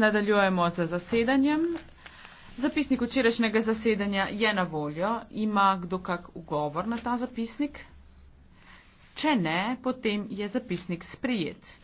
nadaljujemo z zasedanjem. Zapisnik včerajšnjega zasedanja je na voljo. Ima kdo kak ugovor na ta zapisnik? Če ne, potem je zapisnik sprijet.